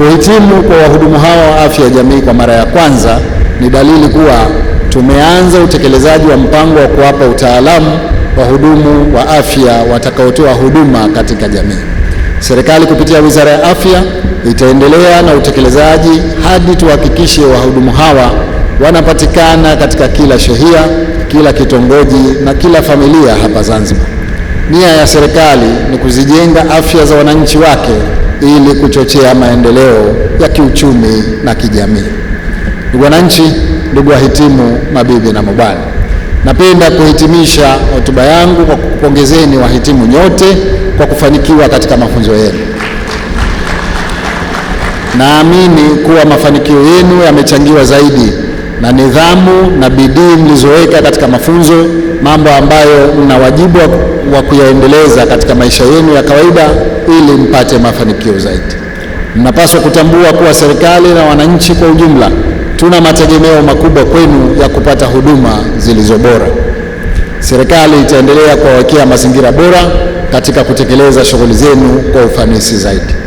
Kuhitimu kwa wahudumu hawa wa afya ya jamii kwa mara ya kwanza ni dalili kuwa tumeanza utekelezaji wa mpango wa kuwapa utaalamu wahudumu wa afya watakaotoa huduma katika jamii. Serikali kupitia Wizara ya Afya itaendelea na utekelezaji hadi tuhakikishe wahudumu hawa wanapatikana katika kila shehia, kila kitongoji na kila familia hapa Zanzibar. Nia ya serikali ni kuzijenga afya za wananchi wake ili kuchochea maendeleo ya kiuchumi na kijamii. Ndugu wananchi, ndugu wahitimu, mabibi na mabwana, napenda kuhitimisha hotuba yangu kwa kupongezeni wahitimu nyote kwa kufanikiwa katika mafunzo yenu. Naamini kuwa mafanikio yenu yamechangiwa zaidi na nidhamu na bidii mlizoweka katika mafunzo, mambo ambayo mna wajibu wa kuyaendeleza katika maisha yenu ya kawaida ili mpate mafanikio zaidi. Mnapaswa kutambua kuwa serikali na wananchi kwa ujumla tuna mategemeo makubwa kwenu ya kupata huduma zilizo bora. Serikali itaendelea kuwawekea mazingira bora katika kutekeleza shughuli zenu kwa ufanisi zaidi.